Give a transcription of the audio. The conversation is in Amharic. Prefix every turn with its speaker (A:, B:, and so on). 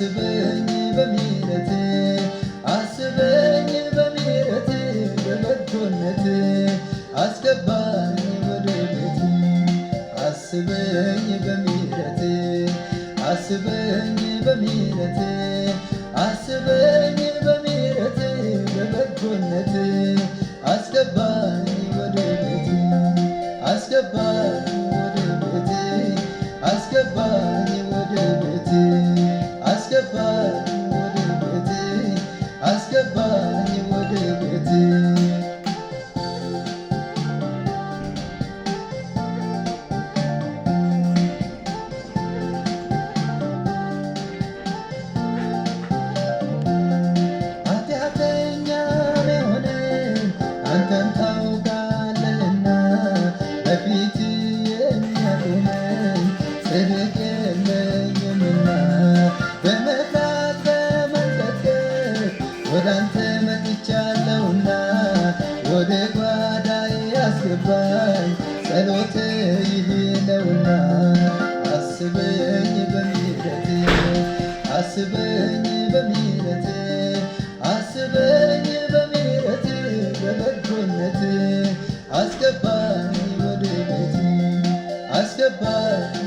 A: አስበኝ በሚረት አስበኝ በሚረት በበጎነት አስገባኝ ወደ ቤት አስበኝ በሚረት አስበኝ በሚረት አስበኝ በሚረት በበጎነት አስገባኝ ወደ ቤት አስገባኝ I'm
B: gonna ወደ አንተ መጥቻለሁና ወደ ጓዳይ አስገባኝ፣ ጸሎቴ ይህ ነውና አስበኝ በምሕረት አስበኝ በሚረት አስበኝ በሚረት በበጎነት አስገባኝ ወደ ቤት አስገባኝ